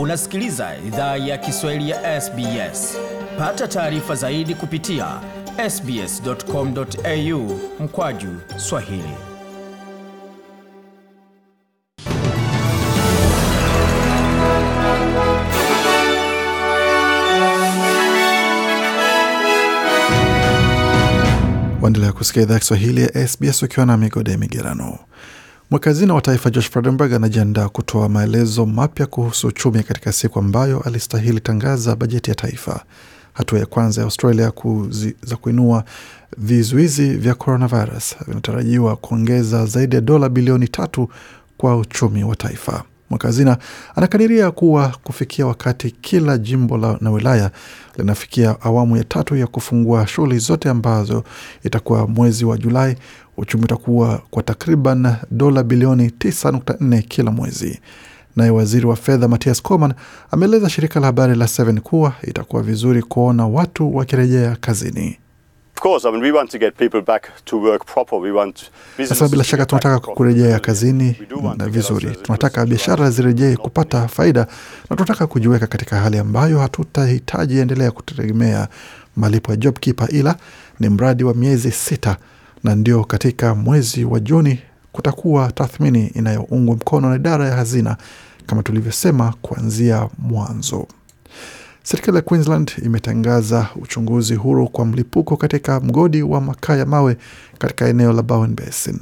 Unasikiliza idhaa ya Kiswahili ya SBS. Pata taarifa zaidi kupitia sbs.com.au mkwaju Swahili. Waendelea kusikia idhaa ya Kiswahili ya SBS ukiwa na migode migerano Mwakazina wa taifa Josh Frydenberg anajiandaa kutoa maelezo mapya kuhusu uchumi katika siku ambayo alistahili tangaza bajeti ya taifa. Hatua ya kwanza ya Australia kuzi, za kuinua vizuizi vya coronavirus vinatarajiwa kuongeza zaidi ya dola bilioni tatu kwa uchumi wa taifa mwakazina hazina anakadiria kuwa kufikia wakati kila jimbo la, na wilaya linafikia awamu ya tatu ya kufungua shughuli zote ambazo itakuwa mwezi wa Julai, uchumi utakuwa kwa takriban dola bilioni 9.4 kila mwezi. Naye waziri wa fedha matthias Coman ameeleza shirika la habari la 7 kuwa itakuwa vizuri kuona watu wakirejea kazini. Sasa bila shaka tunataka kurejea kazini na vizuri, tunataka biashara zirejee kupata faida, na tunataka kujiweka katika hali ambayo hatutahitaji endelea kutegemea malipo ya job JobKeeper, ila ni mradi wa miezi sita, na ndio katika mwezi wa Juni kutakuwa tathmini inayoungwa mkono na idara ya hazina, kama tulivyosema kuanzia mwanzo. Serikali ya Queensland imetangaza uchunguzi huru kwa mlipuko katika mgodi wa makaa ya mawe katika eneo la Bowen Basin.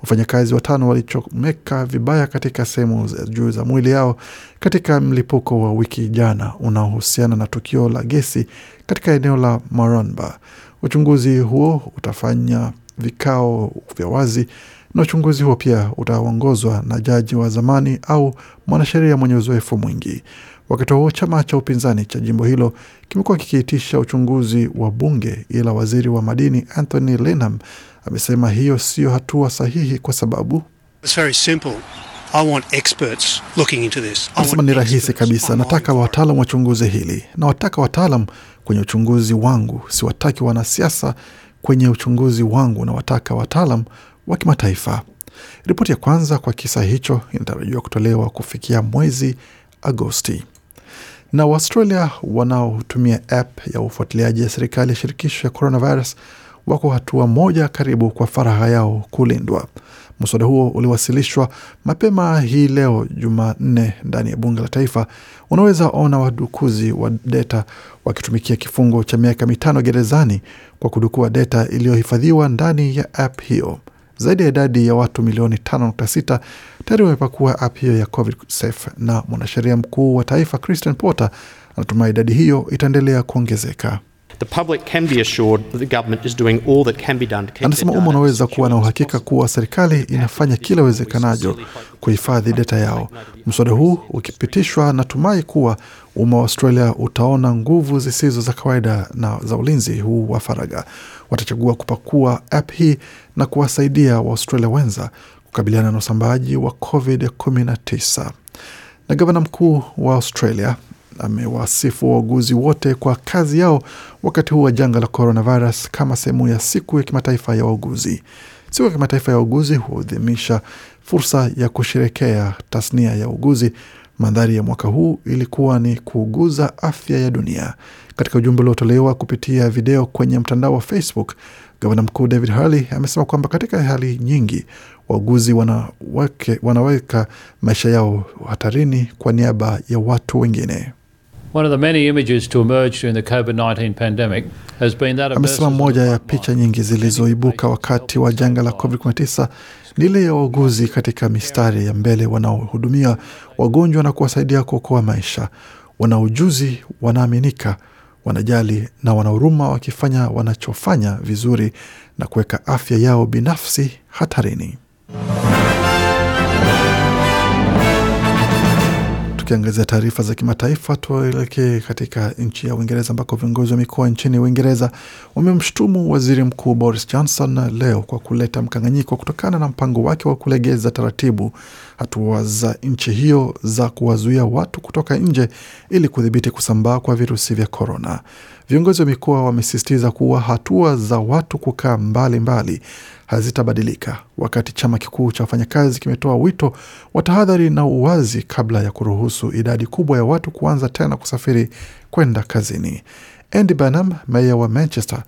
Wafanyakazi watano walichomeka vibaya katika sehemu za juu za mwili yao katika mlipuko wa wiki jana unaohusiana na tukio la gesi katika eneo la Maronba. Uchunguzi huo utafanya vikao vya wazi na uchunguzi huo pia utaongozwa na jaji wa zamani au mwanasheria mwenye uzoefu mwingi. Wakati huo chama cha upinzani cha jimbo hilo kimekuwa kikiitisha uchunguzi wa bunge, ila waziri wa madini Anthony Lenham amesema hiyo siyo hatua sahihi kwa sababu Anasema ni rahisi kabisa, nataka wataalam wachunguze hili na wataka wataalam kwenye uchunguzi wangu, siwataki wanasiasa kwenye uchunguzi wangu na wataka wataalam wa kimataifa. Ripoti ya kwanza kwa kisa hicho inatarajiwa kutolewa kufikia mwezi Agosti. Na waustralia wanaotumia app ya ufuatiliaji ya serikali ya shirikisho ya coronavirus wako hatua moja karibu kwa faragha yao kulindwa. Mswada huo uliwasilishwa mapema hii leo Jumanne ndani ya bunge la taifa. Unaweza ona wadukuzi wa deta wakitumikia kifungo cha miaka mitano gerezani kwa kudukua deta iliyohifadhiwa ndani ya app hiyo. Zaidi ya idadi ya watu milioni 5.6 tayari wamepakua app hiyo ya COVID Safe, na mwanasheria mkuu wa taifa Christian Porter anatumai idadi hiyo itaendelea kuongezeka. Anasema umma unaweza kuwa na uhakika kuwa serikali inafanya kila uwezekanajo kuhifadhi data yao. Mswada huu ukipitishwa, natumai kuwa umma wa Australia utaona nguvu zisizo za kawaida na za ulinzi huu wa faraga Watachagua kupakua app hii na kuwasaidia Waaustralia wenza kukabiliana na usambaaji wa COVID-19. Na gavana mkuu wa Australia amewasifu wauguzi wote kwa kazi yao wakati huu wa janga la coronavirus kama sehemu ya siku ya kimataifa ya wauguzi. Siku ya kimataifa ya wauguzi huadhimisha fursa ya kusherekea tasnia ya uuguzi. Mandhari ya mwaka huu ilikuwa ni kuuguza afya ya dunia. Katika ujumbe uliotolewa kupitia video kwenye mtandao wa Facebook, gavana mkuu David Hurley amesema kwamba katika hali nyingi wauguzi wanaweka maisha yao hatarini kwa niaba ya watu wengine. One of the many images to emerge during the COVID-19 pandemic has been that of. Amesema moja ya picha nyingi zilizoibuka wakati wa janga la COVID-19 ni ile ya wauguzi katika mistari ya mbele wanaohudumia wagonjwa na kuwasaidia kuokoa maisha. Wana ujuzi, wanaaminika, wanajali na wanahuruma, wakifanya wanachofanya vizuri na kuweka afya yao binafsi hatarini. Tukiangazia taarifa za kimataifa, tuelekee katika nchi ya Uingereza ambako viongozi wa mikoa nchini Uingereza wamemshutumu waziri mkuu Boris Johnson leo kwa kuleta mkanganyiko kutokana na mpango wake wa kulegeza taratibu hatua za nchi hiyo za kuwazuia watu kutoka nje ili kudhibiti kusambaa kwa virusi vya korona. Viongozi wa mikoa wamesisitiza kuwa hatua za watu kukaa mbalimbali mbali hazitabadilika, wakati chama kikuu cha wafanyakazi kimetoa wito wa tahadhari na uwazi kabla ya kuruhusu idadi kubwa ya watu kuanza tena kusafiri kwenda kazini. Andy Burnham, meya wa Manchester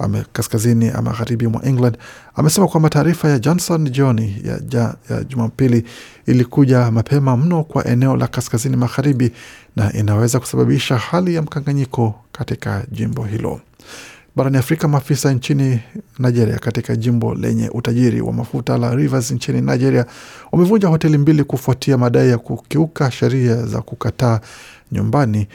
ame kaskazini magharibi mwa England amesema kwamba taarifa ya Johnson jioni ya, ja, ya Jumapili ilikuja mapema mno kwa eneo la kaskazini magharibi na inaweza kusababisha hali ya mkanganyiko katika jimbo hilo. Barani Afrika, maafisa nchini Nigeria katika jimbo lenye utajiri wa mafuta la Rivers nchini Nigeria wamevunja hoteli mbili kufuatia madai ya kukiuka sheria za kukataa nyumbani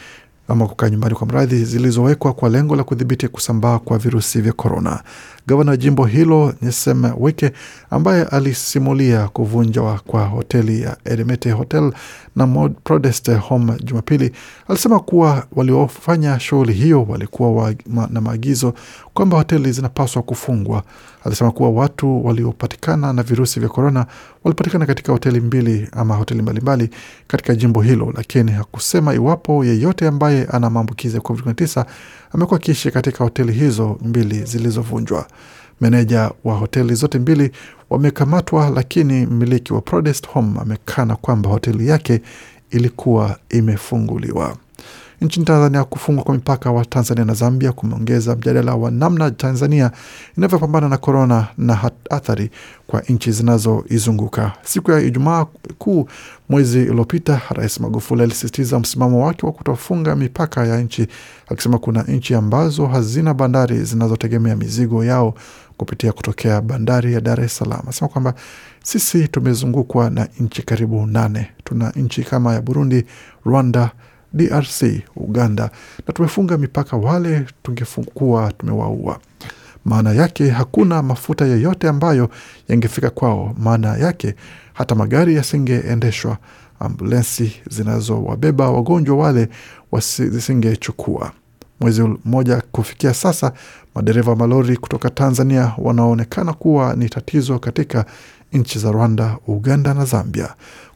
ama kukaa nyumbani kwa mradhi zilizowekwa kwa lengo la kudhibiti kusambaa kwa virusi vya korona. Gavana wa jimbo hilo Nyesem Wike, ambaye alisimulia kuvunjwa kwa hoteli ya Eremete Hotel na Modeste Home Jumapili, alisema kuwa waliofanya shughuli hiyo walikuwa wa, ma, na maagizo kwamba hoteli zinapaswa kufungwa. Alisema kuwa watu waliopatikana na virusi vya korona walipatikana katika hoteli mbili ama hoteli mbalimbali katika jimbo hilo, lakini hakusema iwapo yeyote ambaye ana maambukizi ya COVID-19 amekuwa akiishi katika hoteli hizo mbili zilizovunjwa. Meneja wa hoteli zote mbili wamekamatwa, lakini mmiliki wa Prodest Home amekana kwamba hoteli yake ilikuwa imefunguliwa nchini Tanzania. Kufungwa kwa mipaka wa Tanzania na Zambia kumeongeza mjadala wa namna Tanzania inavyopambana na korona na athari kwa nchi zinazoizunguka. Siku ya Ijumaa Kuu mwezi uliopita, Rais Magufuli alisisitiza msimamo wake wa kutofunga mipaka ya nchi, akisema kuna nchi ambazo hazina bandari zinazotegemea mizigo yao kupitia kutokea bandari ya Dar es Salaam. Asema kwamba sisi tumezungukwa na nchi karibu nane. Tuna nchi kama ya Burundi, Rwanda, DRC, Uganda, na tumefunga mipaka wale tungekuwa tumewaua. Maana yake hakuna mafuta yeyote ambayo yangefika kwao. Maana yake hata magari yasingeendeshwa, ambulensi zinazowabeba wagonjwa wale zisingechukua. Mwezi mmoja kufikia sasa, madereva malori kutoka Tanzania wanaonekana kuwa ni tatizo katika nchi za Rwanda, Uganda na Zambia.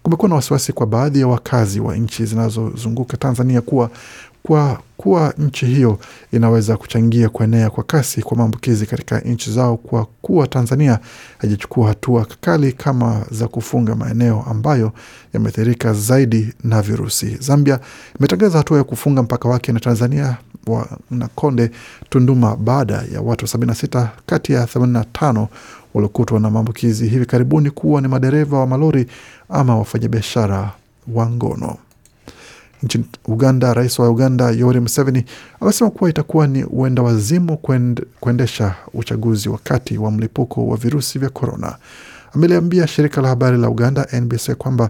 Kumekuwa na wasiwasi kwa baadhi ya wakazi wa nchi zinazozunguka Tanzania kuwa kwa kuwa nchi hiyo inaweza kuchangia kuenea kwa kasi kwa maambukizi katika nchi zao kwa kuwa Tanzania haijachukua hatua kali kama za kufunga maeneo ambayo yameathirika zaidi na virusi. Zambia imetangaza hatua ya kufunga mpaka wake na Tanzania wa konde Tunduma baada ya watu 76 kati ya 85 waliokutwa na maambukizi hivi karibuni kuwa ni madereva wa malori ama wafanyabiashara wa ngono. Nchini Uganda, rais wa Uganda Yoweri Museveni amesema kuwa itakuwa ni uenda wazimu kuend, kuendesha uchaguzi wakati wa mlipuko wa virusi vya korona. Ameliambia shirika la habari la Uganda NBC kwamba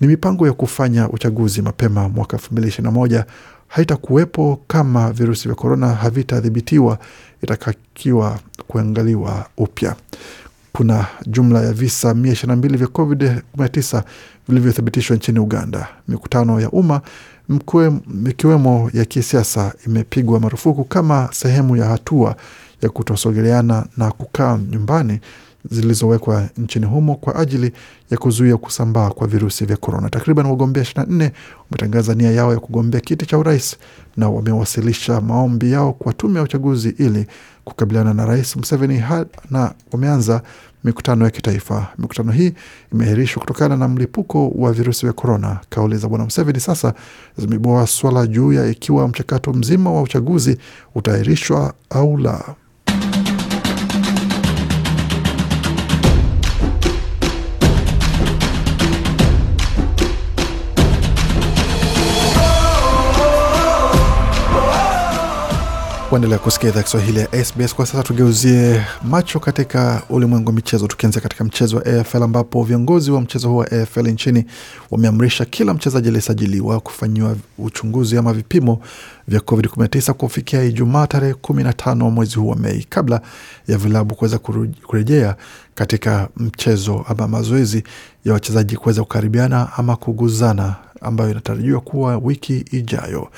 ni mipango ya kufanya uchaguzi mapema mwaka 2021 haitakuwepo kama virusi vya korona havitadhibitiwa, itakakiwa kuangaliwa upya. Kuna jumla ya visa 122 vya COVID-19 vilivyothibitishwa nchini Uganda. Mikutano ya umma ikiwemo ya kisiasa imepigwa marufuku kama sehemu ya hatua ya kutosogeleana na kukaa nyumbani zilizowekwa nchini humo kwa ajili ya kuzuia kusambaa kwa virusi vya korona. Takriban wagombea 24 wametangaza nia yao ya kugombea kiti cha urais na wamewasilisha maombi yao kwa tume ya uchaguzi ili kukabiliana na Rais Museveni na wameanza mikutano ya kitaifa. Mikutano hii imeahirishwa kutokana na mlipuko wa virusi vya korona. Kauli za Bwana Museveni sasa zimeboa swala juu ya ikiwa mchakato mzima wa uchaguzi utaahirishwa au la. Waendelea kusikia idhaa Kiswahili ya SBS. Kwa sasa tugeuzie macho katika ulimwengu wa michezo, tukianzia katika mchezo wa AFL ambapo viongozi wa mchezo huu wa AFL nchini wameamrisha kila mchezaji aliyesajiliwa kufanyiwa uchunguzi ama vipimo vya COVID-19 kufikia Ijumaa tarehe 15 mwezi huu wa Mei kabla ya vilabu kuweza kurejea katika mchezo ama mazoezi ya wachezaji kuweza kukaribiana ama kuguzana ambayo inatarajiwa kuwa wiki ijayo.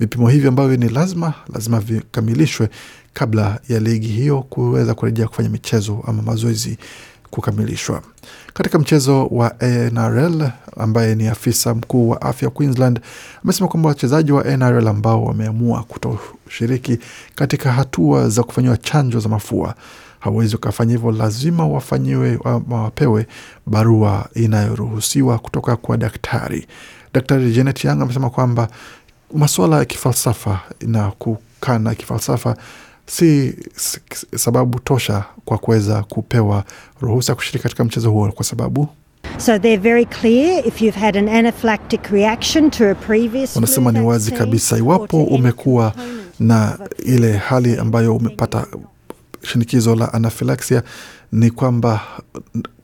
Vipimo hivyo ambavyo ni lazima lazima vikamilishwe kabla ya ligi hiyo kuweza kurejea kufanya michezo ama mazoezi kukamilishwa. Katika mchezo wa NRL, ambaye ni afisa mkuu wa afya Queensland amesema kwamba wachezaji wa NRL ambao wameamua kutoshiriki katika hatua za kufanyiwa chanjo za mafua hawawezi wakafanya hivyo, lazima wafanyiwe ama wapewe barua inayoruhusiwa kutoka kwa daktari. Daktari Janet Young amesema kwamba masuala ya kifalsafa na kukana kifalsafa si sababu tosha kwa kuweza kupewa ruhusa ya kushiriki katika mchezo huo kwa sababu So very clear if you've had an anaphylactic reaction to a previous wanasema ni wazi kabisa iwapo umekuwa na ile hali ambayo umepata shinikizo la anafilaksia ni kwamba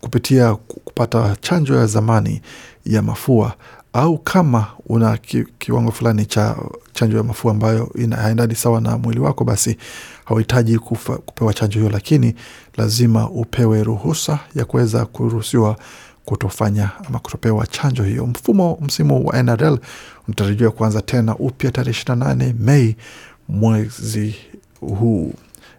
kupitia kupata chanjo ya zamani ya mafua au kama una ki, kiwango fulani cha chanjo ya mafua ambayo haendani sawa na mwili wako, basi hauhitaji kupewa chanjo hiyo, lakini lazima upewe ruhusa ya kuweza kuruhusiwa kutofanya ama kutopewa chanjo hiyo. Mfumo msimu wa NRL unatarajiwa kuanza tena upya tarehe 28 Mei mwezi huu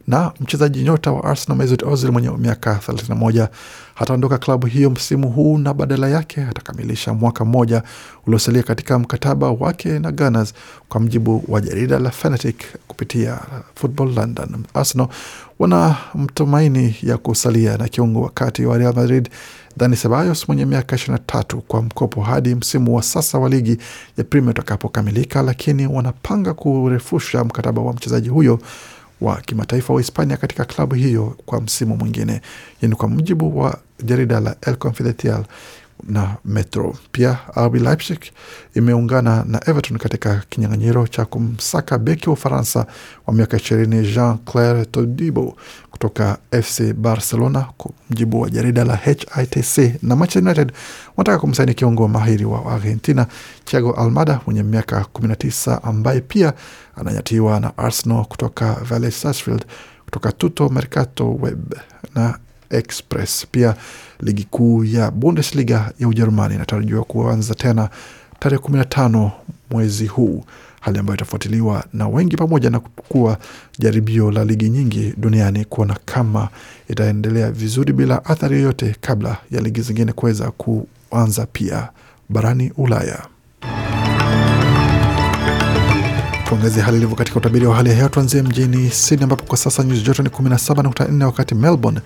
na mchezaji nyota wa Arsenal Mesut Ozil mwenye miaka 31 hataondoka klabu hiyo msimu huu na badala yake atakamilisha mwaka mmoja uliosalia katika mkataba wake na Gunners, kwa mjibu wa jarida la Fanatic kupitia Football London. Arsenal wana mtumaini ya kusalia na kiungo wakati wa Real Madrid Dani Sebayos mwenye miaka tatu kwa mkopo hadi msimu wa sasa wa ligi ya Premier utakapokamilika, lakini wanapanga kurefusha mkataba wa mchezaji huyo wa kimataifa wa Hispania katika klabu hiyo kwa msimu mwingine. ni kwa mujibu wa jarida la El Confidencial, na Metro. Pia RB Leipzig imeungana na Everton katika kinyang'anyiro cha kumsaka beki wa Ufaransa wa miaka ishirini Jean Claire Todibo kutoka FC Barcelona. Kwa mjibu wa jarida la HITC, na Manchester United wanataka kumsaini kiungo wa mahiri wa Argentina Thiago Almada mwenye miaka 19 ambaye pia ananyatiwa na Arsenal kutoka Valley Sarsfield kutoka tuto Mercato Web na Express. Pia ligi kuu ya Bundesliga ya Ujerumani inatarajiwa kuanza tena tarehe tano mwezi huu, hali ambayo itafuatiliwa na wengi, pamoja na kuwa jaribio la ligi nyingi duniani kuona kama itaendelea vizuri bila athari yoyote kabla ya ligi zingine kuweza kuanza pia barani Ulaya. Tuangazie hali ilivyo katika utabiri wa hali ya hewa. Tuanzie mjini Sydney ambapo kwa sasa nyuzi joto ni 17.4, wakati Melbourne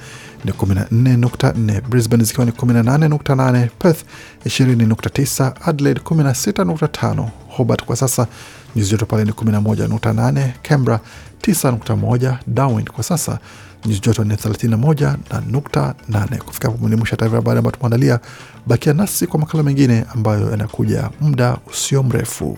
ni 14.4, Brisbane zikiwa ni 18.8, Perth 20.9, Adelaide 16.5, Hobart kwa sasa nyuzi joto pale ni 11.8, Canberra 9.1, Darwin kwa sasa nyuzi joto ni 31 na nukta 8. Kufika hapo ni mwisho taarifa habari ambayo tumeandalia. Bakia nasi kwa makala mengine ambayo yanakuja muda usio mrefu.